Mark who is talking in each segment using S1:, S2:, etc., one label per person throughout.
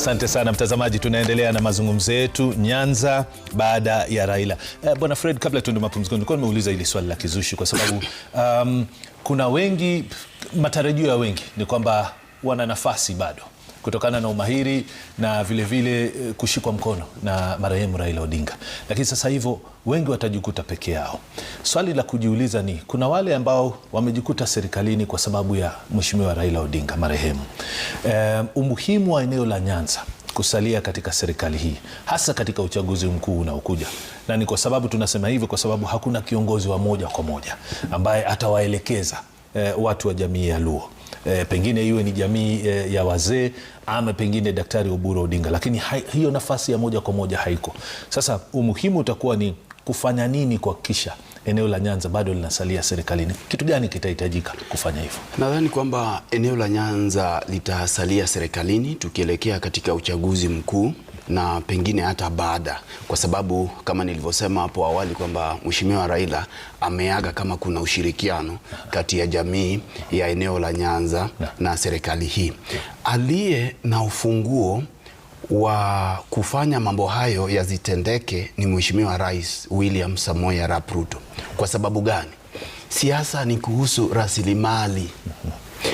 S1: Asante sana mtazamaji, tunaendelea na mazungumzo yetu Nyanza baada ya Raila. Eh, bwana Fred, kabla tuende mapumziko, nilikuwa nimeuliza hili swali la kizushi kwa sababu um, kuna wengi, matarajio ya wengi ni kwamba wana nafasi bado kutokana na umahiri na vilevile vile eh, kushikwa mkono na marehemu Raila Odinga, lakini sasa hivyo wengi watajikuta peke yao. Swali la kujiuliza ni kuna wale ambao wamejikuta serikalini kwa sababu ya mheshimiwa Raila Odinga marehemu. Um, umuhimu wa eneo la Nyanza kusalia katika serikali hii hasa katika uchaguzi mkuu unaokuja, na ni kwa sababu tunasema hivyo kwa sababu hakuna kiongozi wa moja kwa moja ambaye atawaelekeza eh, watu wa jamii ya Luo e, pengine iwe ni jamii e, ya wazee ama pengine Daktari Oburu Odinga, lakini hai, hiyo nafasi ya moja kwa moja haiko. Sasa umuhimu utakuwa ni kufanya nini kuhakikisha eneo la Nyanza bado linasalia serikalini? Kitu gani kitahitajika kufanya hivyo?
S2: Nadhani kwamba eneo la Nyanza litasalia serikalini tukielekea katika uchaguzi mkuu na pengine hata baada, kwa sababu kama nilivyosema hapo awali kwamba Mheshimiwa Raila ameaga kama kuna ushirikiano kati ya jamii ya eneo la Nyanza na serikali hii. Aliye na ufunguo wa kufanya mambo hayo yazitendeke ni Mheshimiwa Rais William Samoei Arap Ruto. Kwa sababu gani? Siasa ni kuhusu rasilimali.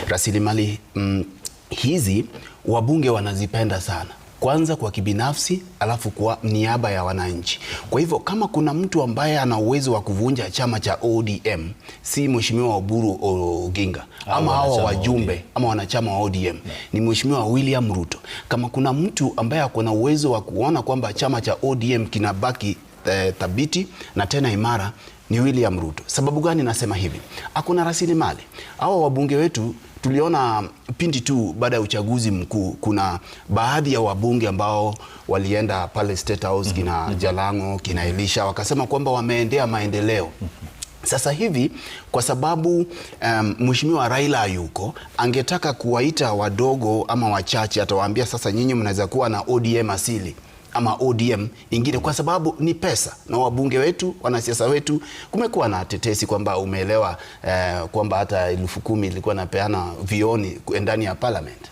S2: Rasilimali mm, hizi wabunge wanazipenda sana kwanza kwa kibinafsi, alafu kwa niaba ya wananchi. Kwa hivyo kama kuna mtu ambaye ana uwezo wa kuvunja chama cha ODM si mheshimiwa Oburu Oginga ama hawa wajumbe ODM, ama wanachama wa ODM yeah, ni mheshimiwa William Ruto. Kama kuna mtu ambaye ako na uwezo wa kuona kwamba chama cha ODM kinabaki eh, thabiti na tena imara ni William Ruto. Sababu gani nasema hivi? Hakuna rasilimali. Hawa wabunge wetu tuliona pindi tu baada ya uchaguzi mkuu kuna baadhi ya wabunge ambao walienda pale State House kina mm -hmm. Jalang'o kina Elisha wakasema kwamba wameendea maendeleo mm -hmm. Sasa hivi kwa sababu um, Raila yuko angetaka kuwaita wadogo ama wachache, atawaambia sasa, nyinyi mnaweza kuwa na ODM asili ama ODM nyingine, kwa sababu ni pesa, na wabunge wetu, wanasiasa wetu, kumekuwa na tetesi kwamba umeelewa, eh, kwamba hata elfu kumi ilikuwa napeana vioni ndani ya parliament.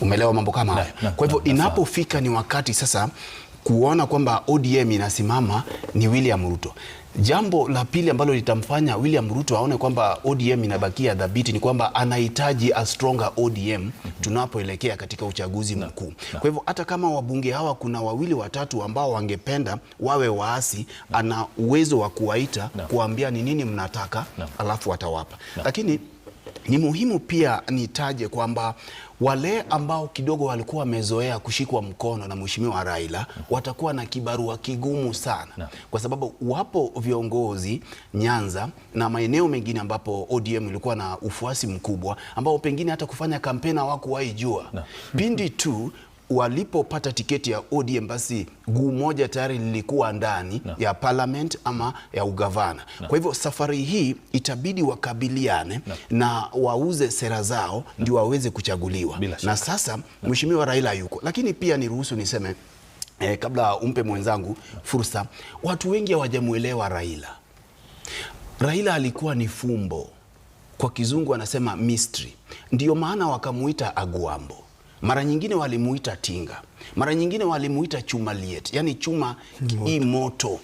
S2: Umeelewa mambo kama hayo. Kwa hivyo inapofika ni wakati sasa kuona kwamba ODM inasimama ni William Ruto. Jambo la pili ambalo litamfanya William Ruto aone kwamba ODM inabakia dhabiti ni kwamba anahitaji a stronger ODM tunapoelekea katika uchaguzi mkuu. Kwa hivyo hata kama wabunge hawa kuna wawili watatu ambao wangependa wawe waasi, ana uwezo wa kuwaita, kuambia ni nini mnataka, alafu atawapa. Lakini ni muhimu pia nitaje kwamba wale ambao kidogo walikuwa wamezoea kushikwa mkono na mheshimiwa Raila watakuwa na kibarua kigumu sana na, kwa sababu wapo viongozi Nyanza na maeneo mengine ambapo ODM ilikuwa na ufuasi mkubwa ambao pengine hata kufanya kampeni hawakuwahi jua pindi tu walipopata tiketi ya ODM basi guu moja tayari lilikuwa ndani no. ya parliament ama ya ugavana no. Kwa hivyo safari hii itabidi wakabiliane no. na wauze sera zao ndio no. waweze kuchaguliwa na sasa no. Mheshimiwa Raila yuko, lakini pia niruhusu niseme eh, kabla umpe mwenzangu fursa, watu wengi hawajamwelewa Raila. Raila alikuwa ni fumbo, kwa kizungu anasema mystery, ndio maana wakamuita Aguambo mara nyingine walimuita tinga, mara nyingine walimuita chuma liet, yani chuma hii moto.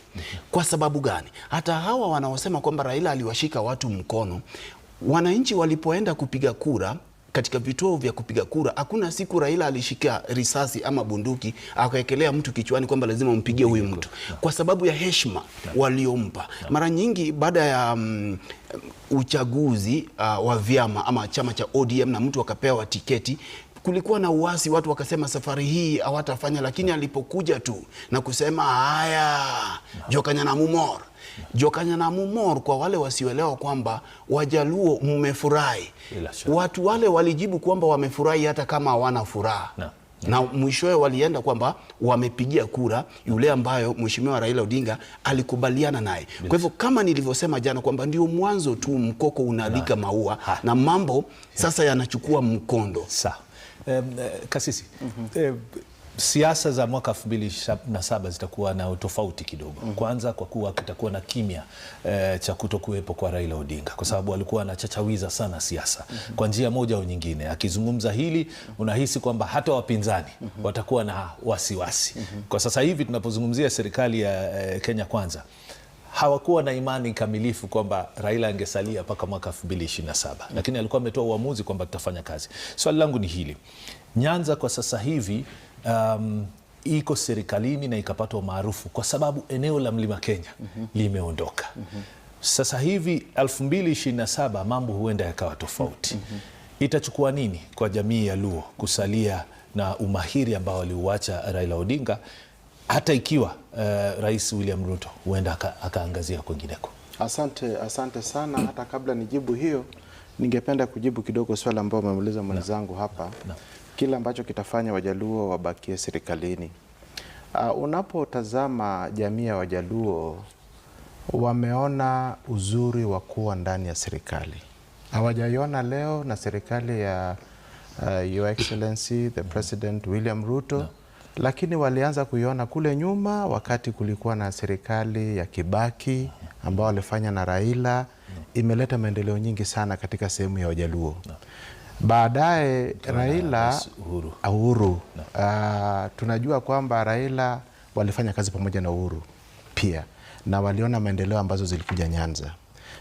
S2: Kwa sababu gani? Hata hawa wanaosema kwamba Raila aliwashika watu mkono, wananchi walipoenda kupiga kura katika vituo vya kupiga kura, hakuna siku Raila alishika risasi ama bunduki akawekelea mtu kichwani kwamba lazima umpigie huyu mtu, kwa sababu ya heshima waliompa. Mara nyingi baada ya um, uchaguzi uh, wa vyama ama chama cha ODM na mtu akapewa tiketi kulikuwa na uasi, watu wakasema safari hii hawatafanya, lakini alipokuja tu na kusema haya na Mumor, kwa wale wasioelewa kwamba Wajaluo mmefurahi, watu wale walijibu kwamba wamefurahi hata kama hawana furaha na na mwishowe walienda kwamba wamepigia kura yule ambayo Mheshimiwa Raila Odinga alikubaliana naye. Kwa hivyo kama nilivyosema jana kwamba ndio mwanzo tu, mkoko unalika maua na mambo sasa yanachukua mkondo
S1: Sa. Eh, Kasisi mm -hmm. Siasa za mwaka 2027 zitakuwa na utofauti kidogo. Mhm. Kwanza kwa kuwa kitakuwa na kimya e, cha kuwepo kwa Raila Odinga kwa sababu alikuwa anachachawiza sana siasa mhm. kwa njia moja au nyingine. Akizungumza hili, unahisi kwamba hata wapinzani mhm. watakuwa na wasiwasi. Kwa sasa hivi tunapozungumzia serikali ya Kenya Kwanza hawakuwa na imani kamilifu kwamba Raila angesalia mpaka mwaka 2027 lakini alikuwa ametoa uamuzi kwamba tutafanya kazi. Swali langu ni hili, Nyanza kwa sasa hivi um, iko serikalini na ikapata umaarufu kwa sababu eneo la mlima Kenya mm -hmm. limeondoka mm -hmm. Sasa hivi 2027 mambo huenda yakawa tofauti mm -hmm. Itachukua nini kwa jamii ya Luo kusalia na umahiri ambao aliuacha Raila Odinga hata ikiwa uh, Rais William Ruto huenda akaangazia aka kwengineko.
S3: Asante, asante sana. Hata kabla nijibu hiyo, ningependa kujibu kidogo swala ambayo umemuuliza mwenzangu hapa na, na, kile ambacho kitafanya Wajaluo wabakie serikalini. Uh, unapotazama jamii ya Wajaluo wameona uzuri wa kuwa ndani ya serikali, hawajaiona leo na serikali ya uh, Your Excellency the President William Ruto na lakini walianza kuiona kule nyuma wakati kulikuwa na serikali ya Kibaki ambao walifanya na Raila, imeleta maendeleo nyingi sana katika sehemu ya Wajaluo. Baadaye Raila Uhuru, uh, tunajua kwamba Raila walifanya kazi pamoja na Uhuru pia na waliona maendeleo ambazo zilikuja Nyanza,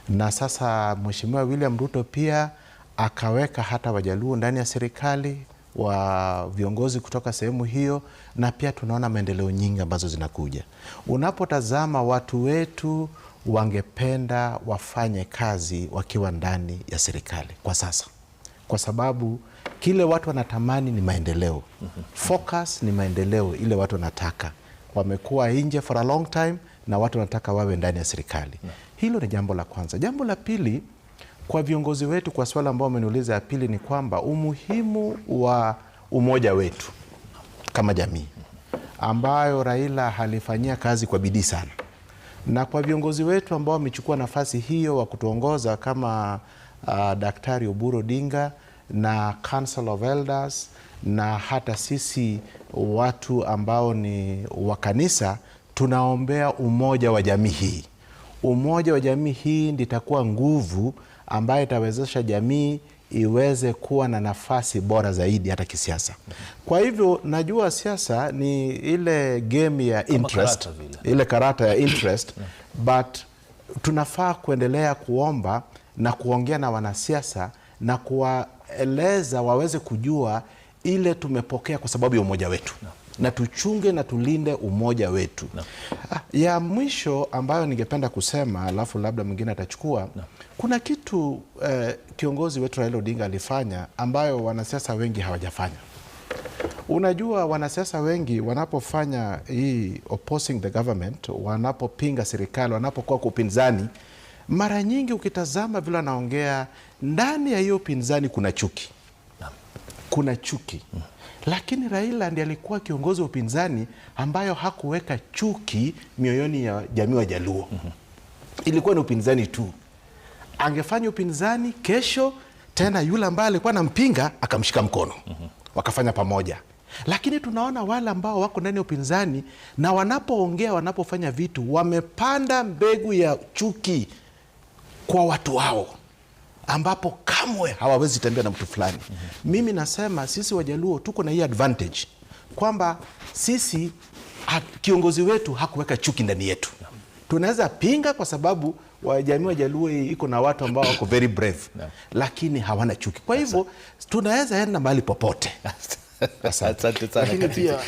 S3: na sasa Mheshimiwa William Ruto pia akaweka hata Wajaluo ndani ya serikali wa viongozi kutoka sehemu hiyo, na pia tunaona maendeleo nyingi ambazo zinakuja. Unapotazama watu wetu wangependa wafanye kazi wakiwa ndani ya serikali kwa sasa, kwa sababu kile watu wanatamani ni maendeleo. Focus ni maendeleo, ile watu wanataka. Wamekuwa nje for a long time, na watu wanataka wawe ndani ya serikali. Hilo ni jambo la kwanza. Jambo la pili kwa viongozi wetu, kwa swala ambao wameniuliza ya pili, ni kwamba umuhimu wa umoja wetu kama jamii ambayo Raila alifanyia kazi kwa bidii sana, na kwa viongozi wetu ambao wamechukua nafasi hiyo wa kutuongoza kama uh, Daktari Oburu Odinga na Council of Elders na hata sisi watu ambao ni wa kanisa tunaombea umoja wa jamii hii umoja wa jamii hii nditakuwa itakuwa nguvu ambayo itawezesha jamii iweze kuwa na nafasi bora zaidi hata kisiasa. Kwa hivyo najua siasa ni ile game ya interest, karata ile karata ya interest but tunafaa kuendelea kuomba na kuongea na wanasiasa na kuwaeleza waweze kujua ile tumepokea kwa sababu ya umoja wetu na tuchunge na tulinde umoja wetu no. Ah, ya mwisho ambayo ningependa kusema, alafu labda mwingine atachukua no. Kuna kitu eh, kiongozi wetu Raila Odinga alifanya ambayo wanasiasa wengi hawajafanya. Unajua, wanasiasa wengi wanapofanya hii opposing the government, wanapopinga serikali, wanapokuwa kwa upinzani, mara nyingi ukitazama vile wanaongea, ndani ya hiyo upinzani kuna chuki, kuna chuki mm. Lakini Raila ndiye alikuwa kiongozi wa upinzani ambayo hakuweka chuki mioyoni ya jamii wa Jaluo. mm -hmm. Ilikuwa ni upinzani tu, angefanya upinzani kesho tena, yule ambaye alikuwa anampinga akamshika mkono. mm -hmm. Wakafanya pamoja, lakini tunaona wale ambao wako ndani ya upinzani na wanapoongea, wanapofanya vitu, wamepanda mbegu ya chuki kwa watu wao ambapo kamwe hawawezi tembea na mtu fulani. mm -hmm. Mimi nasema sisi Wajaluo tuko na hii advantage kwamba sisi ha, kiongozi wetu hakuweka chuki ndani yetu. Tunaweza pinga kwa sababu wajamii Wajaluo iko na watu ambao wako very brave. Lakini hawana chuki, kwa hivyo tunaweza enda mahali popote Asante
S1: sana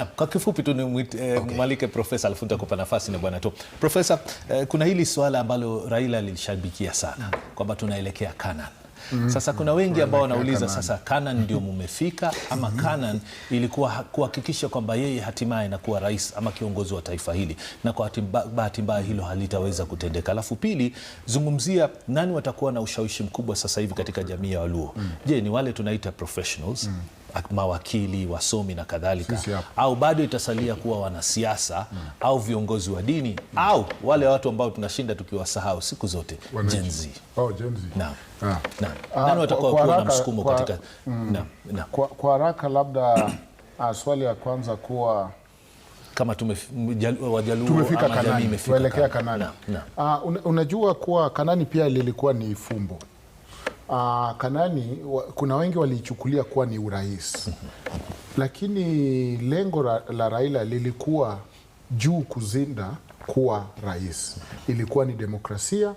S1: ah. kwa kifupi tu nimwalike eh, okay. Profesa alafu nitakupa nafasi na bwana tu Profesa, eh, kuna hili swala ambalo Raila lilishabikia sana kwamba tunaelekea Canaan. Mm -hmm. Sasa kuna wengi ambao wanauliza sasa, Canaan ndio mumefika ama mm-hmm. Canaan ilikuwa kuhakikisha kwamba yeye hatimaye anakuwa rais ama kiongozi wa taifa hili, na kwa bahati mbaya hilo halitaweza kutendeka. Alafu pili, zungumzia nani watakuwa na ushawishi mkubwa sasa hivi katika jamii ya Waluo. Mm. Je, ni wale tunaita professionals mm mawakili, wasomi na kadhalika, au bado itasalia kuwa wanasiasa mm. au viongozi wa dini mm. au wale watu ambao tunashinda tukiwasahau siku zote Gen Z.
S3: Oh, Gen Z. Ah. ah. Nani watakuwa kuwa na msukumo katika mm. Kwa, kwa haraka labda ah, swali ya kwanza kuwa
S1: kama tumefika Kanani,
S3: tuelekea Kanani. Ah, unajua kuwa Kanani pia lilikuwa ni fumbo uh, Kanani wa, kuna wengi waliichukulia kuwa ni urais, lakini lengo la, la Raila lilikuwa juu kuzinda kuwa rais, ilikuwa ni demokrasia,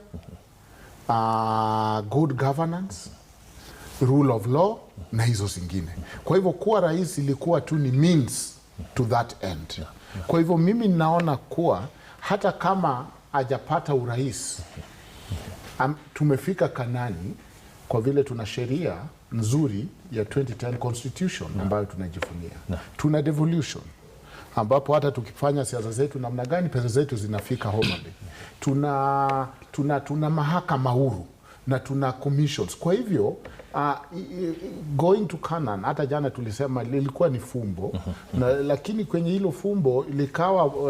S3: uh, good governance, rule of law na hizo zingine. Kwa hivyo kuwa rais ilikuwa tu ni means to that end. Kwa hivyo mimi ninaona kuwa hata kama hajapata urais, tumefika Kanani kwa vile tuna sheria nzuri ya 2010 constitution ambayo tunajivunia no. Tuna devolution ambapo hata tukifanya siasa zetu namna gani pesa zetu zinafika Homa Bay. Tuna, tuna, tuna mahakama huru na tuna commissions. Kwa hivyo uh, going to Canaan hata jana tulisema lilikuwa ni fumbo mhm. na, lakini kwenye hilo fumbo likawa uh,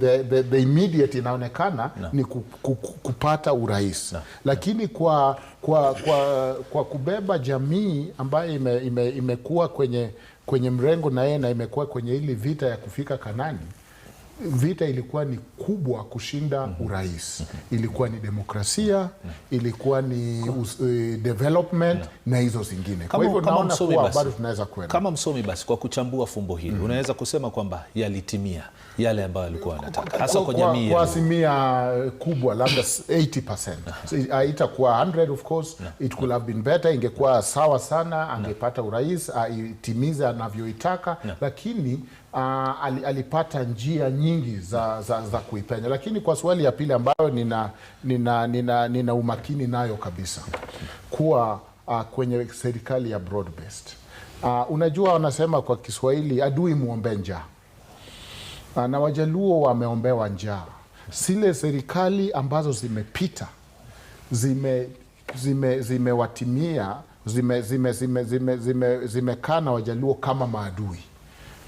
S3: the, the, the immediate inaonekana no. ni kupata urais no. lakini kwa, kwa, kwa, kwa kubeba jamii ambayo imekuwa ime, ime kwenye, kwenye mrengo na yeye na imekuwa kwenye hili vita ya kufika Kanani vita ilikuwa ni kubwa kushinda mhm. urais, mhm. ilikuwa ni demokrasia, mhm. ilikuwa ni uh, development na hizo zingine.
S1: Kwa hivyo naona kuwa bado tunaweza kwenda. Kama msomi basi, kwa kuchambua fumbo hili mm -hmm. unaweza kusema kwamba yalitimia yale ambayo alikuwa anataka
S3: hasa kwa jamii kwa asilimia kubwa labda 80%. So, itakuwa 100 of course na. It could have been better, ingekuwa sawa sana, angepata urais aitimize anavyoitaka, lakini Uh, alipata njia nyingi za, za, za kuipenya. Lakini kwa swali ya pili ambayo nina, nina, nina, nina umakini nayo kabisa kuwa uh, kwenye serikali ya broad based uh, ah, unajua wanasema kwa Kiswahili adui muombe njaa. Ah, na Wajaluo wameombewa njaa. Zile serikali ambazo zimepita zime zimewatimia zime zimekaa zime, zime, zime, zime na Wajaluo kama maadui.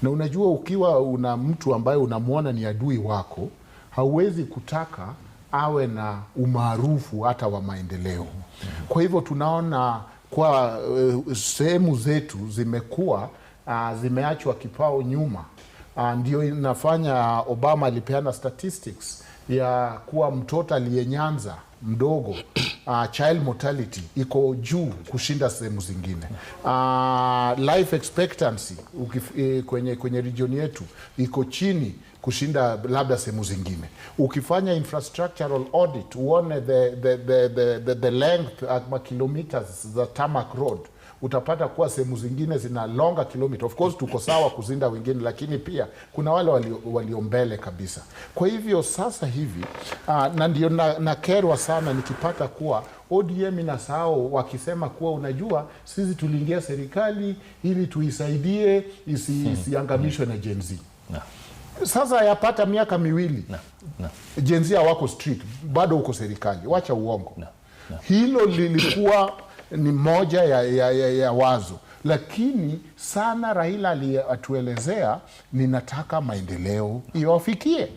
S3: Na unajua ukiwa una mtu ambaye unamwona ni adui wako, hauwezi kutaka awe na umaarufu hata wa maendeleo. Kwa hivyo tunaona kwa uh, sehemu zetu zimekuwa uh, zimeachwa kipao nyuma. Ah, ndio inafanya Obama alipeana statistics ya kuwa mtoto aliyenyanza mdogo uh, child mortality iko juu kushinda sehemu zingine. Uh, life expectancy ukif, e, kwenye, kwenye region yetu iko chini kushinda labda sehemu zingine. Ukifanya infrastructural audit uone the, the, the, the, the, the length at makilometers za tarmac road utapata kuwa sehemu zingine zina longa kilomita. Of course tuko sawa kuzinda wengine, lakini pia kuna wale walio, mbele kabisa. Kwa hivyo sasa hivi aa, ah, na ndio nakerwa na sana nikipata kuwa ODM na sao wakisema kuwa unajua, sisi tuliingia serikali ili tuisaidie isi, hmm. isiangamishwe na Gen Z. Sasa yapata miaka miwili jenzi awako Gen Z street bado, uko serikali, wacha uongo Hilo lilikuwa ni moja ya, ya, ya, ya wazo, lakini sana Raila aliyatuelezea, ninataka maendeleo iwafikie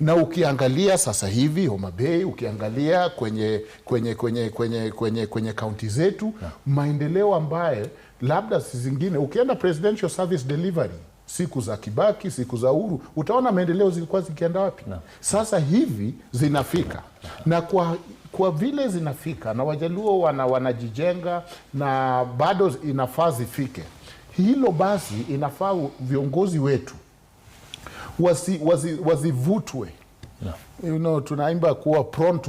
S3: na ukiangalia sasa hivi Homa Bay, ukiangalia kwenye kwenye kwenye kwenye kwenye kwenye kaunti zetu yeah, maendeleo ambaye labda si zingine, ukienda presidential service delivery siku za Kibaki, siku za Uhuru, utaona maendeleo zilikuwa zikienda wapi? yeah. Sasa hivi zinafika na kwa kwa vile zinafika na Wajaluo wana, wanajijenga na bado inafaa zifike. Hilo basi inafaa viongozi wetu wasi, wasi, wazivutwe yeah. You know, tunaimba kuwa prone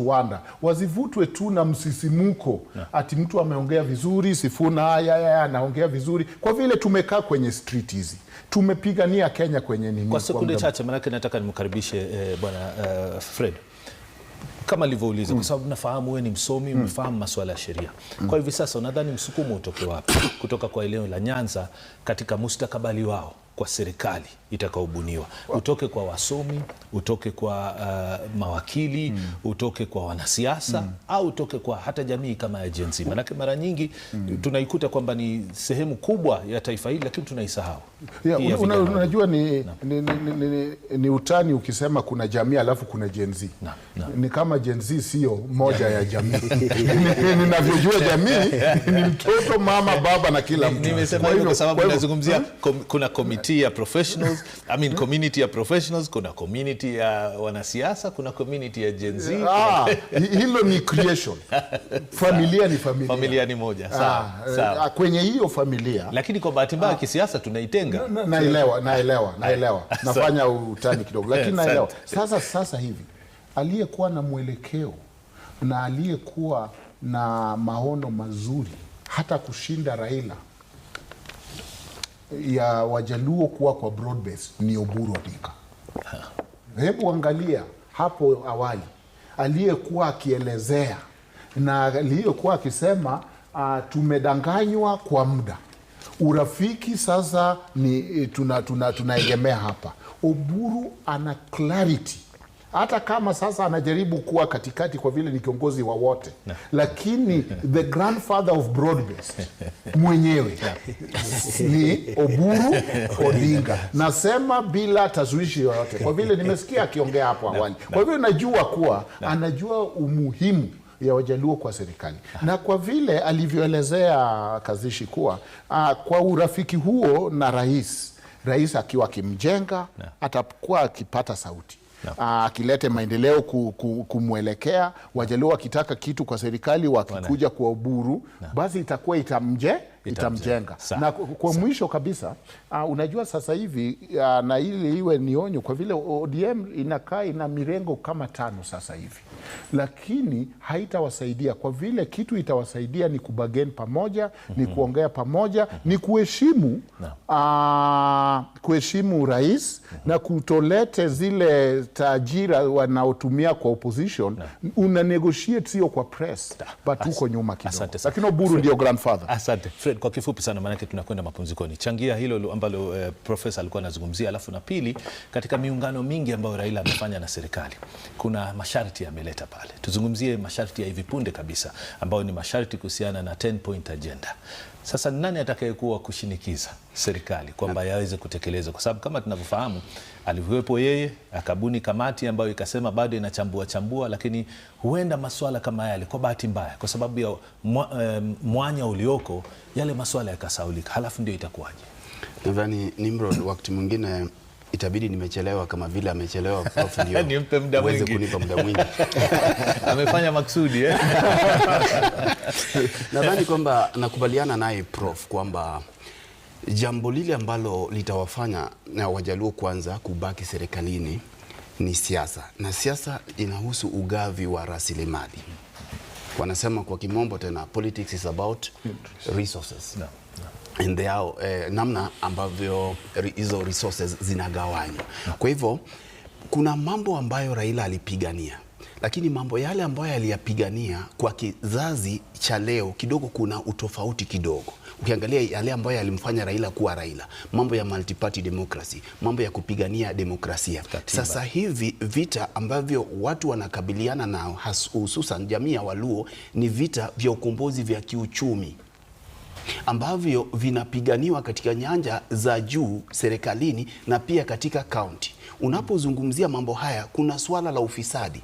S3: wazivutwe tu na msisimuko yeah. Ati mtu ameongea vizuri Sifuna, haya anaongea vizuri kwa vile tumekaa kwenye street hizi tumepigania Kenya kwenye nini.
S1: Kwa sekunde chache, manake nataka nimkaribishe eh, bwana eh, Fred kama alivyouliza, kwa sababu nafahamu wewe ni msomi, umefahamu masuala ya sheria. Kwa hivi sasa, unadhani msukumo utoke wapi kutoka kwa eneo la Nyanza katika mustakabali wao? kwa serikali itakaobuniwa utoke kwa wasomi, utoke kwa uh, mawakili mm. utoke kwa wanasiasa mm. au utoke kwa hata jamii kama ya Gen Z, hmm. manake mara nyingi mm. tunaikuta kwamba ni sehemu kubwa ya taifa hili, lakini tunaisahau.
S3: yeah, una, unajua ni, ni, ni, ni, ni utani ukisema kuna jamii alafu kuna Gen Z na, na. ni kama Gen Z sio moja ya jamii ninavyojua jamii ni mtoto, mama, baba na kila mtu.
S1: Nimesema hivyo kwa sababu nazungumzia hmm? kuna komiti community ya professionals I mean community ya professionals, kuna community ya wanasiasa, kuna community ya Gen Z.
S3: Ah, hilo ni creation familia ni familia,
S1: familia ni moja ah,
S3: sawa eh, sawa, ah, kwenye hiyo familia,
S1: lakini kwa bahati mbaya ah. kisiasa tunaitenga.
S3: Naelewa, naelewa, naelewa, nafanya utani kidogo, lakini naelewa sasa. Sasa hivi aliyekuwa na mwelekeo na aliyekuwa na maono mazuri hata kushinda Raila ya Wajaluo kuwa kwa broadbase ni Oburu Odinga. Hebu angalia hapo awali aliyekuwa akielezea na aliyekuwa akisema uh, tumedanganywa kwa muda urafiki sasa ni tunaegemea eh, tuna, tuna hapa. Oburu ana clarity hata kama sasa anajaribu kuwa katikati kwa vile ni kiongozi wa wote lakini the grandfather of broadbest mwenyewe ni Oburu Odinga. Nasema bila tashwishi yoyote kwa vile nimesikia akiongea hapo awali, kwa hivyo najua kuwa anajua umuhimu ya Wajaluo kwa serikali na kwa vile alivyoelezea Kazishi kuwa ah, kwa urafiki huo na rais, rais akiwa akimjenga atakuwa akipata sauti Ah, akilete ku, maendeleo kumwelekea. Wajaluo wakitaka kitu kwa serikali wakikuja kwa Uburu no. basi itakuwa itamje itamjenga ita na kwa mwisho kabisa uh, unajua sasa hivi uh, na ili iwe nionyo kwa vile ODM inakaa ina mirengo kama tano sasa hivi, lakini haitawasaidia kwa vile kitu itawasaidia ni kubagen pamoja mm -hmm. ni mhm. kuongea pamoja mm -hmm. ni kuheshimu no. uh, ah, kuheshimu rais mm -hmm. na kutolete zile tajira wanaotumia kwa opposition no. una negotiate sio kwa press but huko nyuma kidogo, lakini Oburu ndio grandfather.
S1: Asante. Alfred, kwa kifupi sana, maanake tunakwenda mapumzikoni, changia hilo ambalo eh, profesa alikuwa anazungumzia, alafu na pili, katika miungano mingi ambayo Raila amefanya na serikali kuna masharti ameleta pale. Tuzungumzie masharti ya hivi punde kabisa ambayo ni masharti kuhusiana na 10 point agenda. Sasa nani atakayekuwa kushinikiza serikali kwamba yaweze kutekelezwa, kwa sababu kama tunavyofahamu Alivyowepo yeye akabuni kamati ambayo ikasema bado inachambua chambua, lakini huenda masuala kama yale, kwa bahati mbaya, kwa sababu ya mwanya ulioko, yale masuala yakasaulika. Halafu ndio itakuwaje?
S2: Nadhani Nimrod, wakati mwingine itabidi nimechelewa kama vile amechelewa prof, ndio
S1: nimpe muda mwingi, kunipa muda mwingi amefanya maksudi eh?
S2: Nadhani kwamba nakubaliana naye prof kwamba Jambo lile ambalo litawafanya na Wajaluo kwanza kubaki serikalini ni siasa, na siasa inahusu ugavi wa rasilimali. Wanasema kwa kimombo tena, politics is about resources and they are eh, namna ambavyo hizo resources zinagawanywa. Kwa hivyo kuna mambo ambayo Raila alipigania lakini mambo yale ambayo yaliyapigania kwa kizazi cha leo kidogo kuna utofauti kidogo. Ukiangalia yale ambayo yalimfanya Raila kuwa Raila, mambo ya multiparty democracy, mambo ya kupigania demokrasia. Katiba. Sasa hivi vita ambavyo watu wanakabiliana nao hususan jamii ya Waluo ni vita vya ukombozi vya kiuchumi ambavyo vinapiganiwa katika nyanja za juu serikalini na pia katika kaunti. Unapozungumzia mambo haya, kuna swala la ufisadi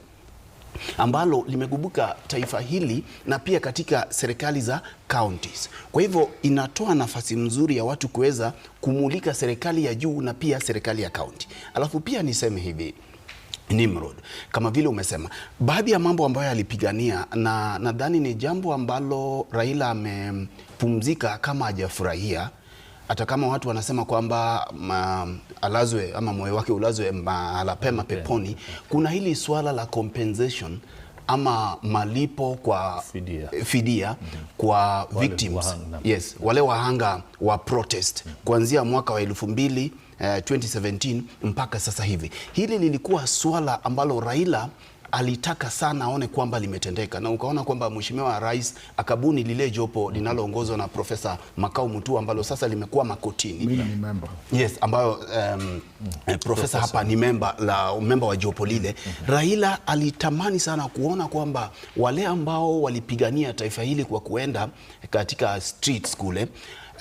S2: ambalo limegubuka taifa hili na pia katika serikali za counties. Kwa hivyo inatoa nafasi mzuri ya watu kuweza kumulika serikali ya juu na pia serikali ya county. Alafu pia niseme hivi Nimrod, kama vile umesema baadhi ya mambo ambayo alipigania, na nadhani ni jambo ambalo Raila amepumzika kama hajafurahia hata kama watu wanasema kwamba alazwe ama moyo wake ulazwe mahala pema peponi, kuna hili swala la compensation ama malipo kwa fidia, fidia mm -hmm. kwa wale victims wahanga. Yes, wale wahanga wa protest mm -hmm. kuanzia mwaka wa elfu mbili uh, eh, 2017 mpaka sasa hivi. Hili lilikuwa swala ambalo Raila alitaka sana aone kwamba limetendeka, na ukaona kwamba Mheshimiwa Rais akabuni lile jopo linaloongozwa na Profesa Makau Mutua ambalo sasa limekuwa makotini.
S3: Mimi ni memba.
S2: Yes, ambayo um, mm. Profesa hapa ni memba la memba wa jopo lile mm -hmm. Raila alitamani sana kuona kwamba wale ambao walipigania taifa hili kwa kuenda katika streets kule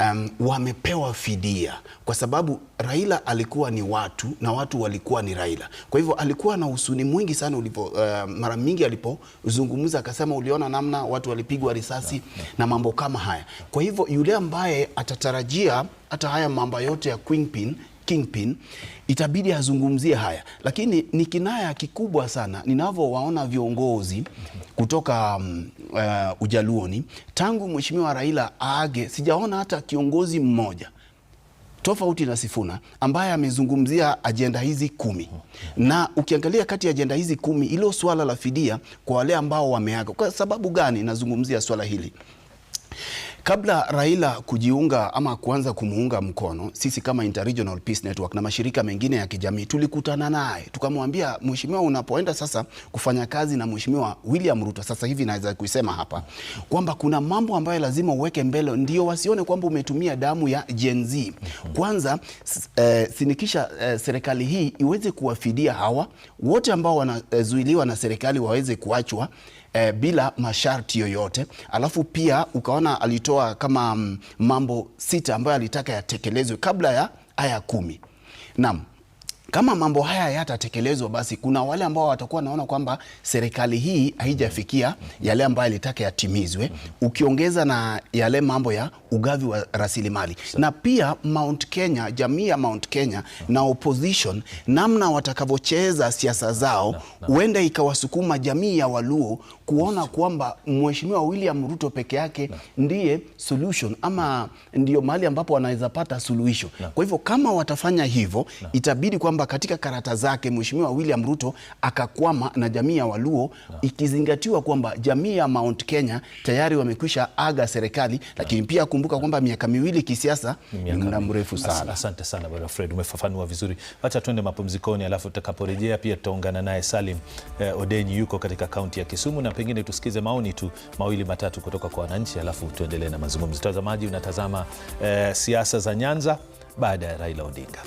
S2: um, wamepewa fidia kwa sababu Raila alikuwa ni watu na watu walikuwa ni Raila. Kwa hivyo alikuwa na usuni mwingi sana ulipo, uh, mara mingi alipozungumza akasema, uliona namna watu walipigwa risasi yeah, yeah, na mambo kama haya. Kwa hivyo yule ambaye atatarajia hata haya mambo yote ya Kingpin Kingpin itabidi azungumzie haya, lakini ni kinaya kikubwa sana ninavyowaona viongozi kutoka um, uh, Ujaluoni tangu Mheshimiwa Raila aage, sijaona hata kiongozi mmoja tofauti na Sifuna ambaye amezungumzia ajenda hizi kumi na ukiangalia kati ya ajenda hizi kumi ilo swala la fidia kwa wale ambao wameaga. Kwa sababu gani nazungumzia swala hili? Kabla Raila kujiunga ama kuanza kumuunga mkono, sisi kama Interregional Peace Network na mashirika mengine ya kijamii tulikutana naye tukamwambia, mheshimiwa, unapoenda sasa kufanya kazi na mheshimiwa William Ruto, sasa hivi naweza kuisema hapa kwamba kuna mambo ambayo lazima uweke mbele, ndio wasione kwamba umetumia damu ya Gen Z. Kwanza eh, sinikisha eh, serikali hii iweze kuwafidia hawa wote ambao wanazuiliwa na serikali waweze kuachwa e, bila masharti yoyote. Alafu pia ukaona alitoa kama m, mm, mambo sita ambayo alitaka yatekelezwe kabla ya aya kumi. Naam, kama mambo haya yatatekelezwa, basi kuna wale ambao watakuwa wanaona kwamba serikali hii haijafikia yale ambayo alitaka yatimizwe, ukiongeza na yale mambo ya ugavi wa rasilimali na pia Mount Kenya, jamii ya Mount Kenya na opposition, namna watakavyocheza siasa zao, huenda ikawasukuma jamii ya Waluo kuona kwamba mheshimiwa William Ruto peke yake na ndiye solution ama ndiyo mahali ambapo wanaweza pata suluhisho. Kwa hivyo kama watafanya hivyo, itabidi kwamba katika karata zake mheshimiwa William Ruto akakwama na jamii ya Waluo na, ikizingatiwa kwamba jamii ya Mount Kenya tayari wamekwisha aga serikali, lakini pia kumbuka kwamba miaka miwili kisiasa ni muda mrefu sana.
S1: Asante sana bwana Fred, umefafanua vizuri. Acha tuende mapumzikoni, alafu tutakaporejea pia tutaungana naye Salim eh, Odeni yuko katika kaunti ya Kisumu na pengine tusikize maoni tu mawili matatu kutoka kwa wananchi, alafu tuendelee na mazungumzo. Mtazamaji unatazama eh, siasa za Nyanza baada ya Raila Odinga.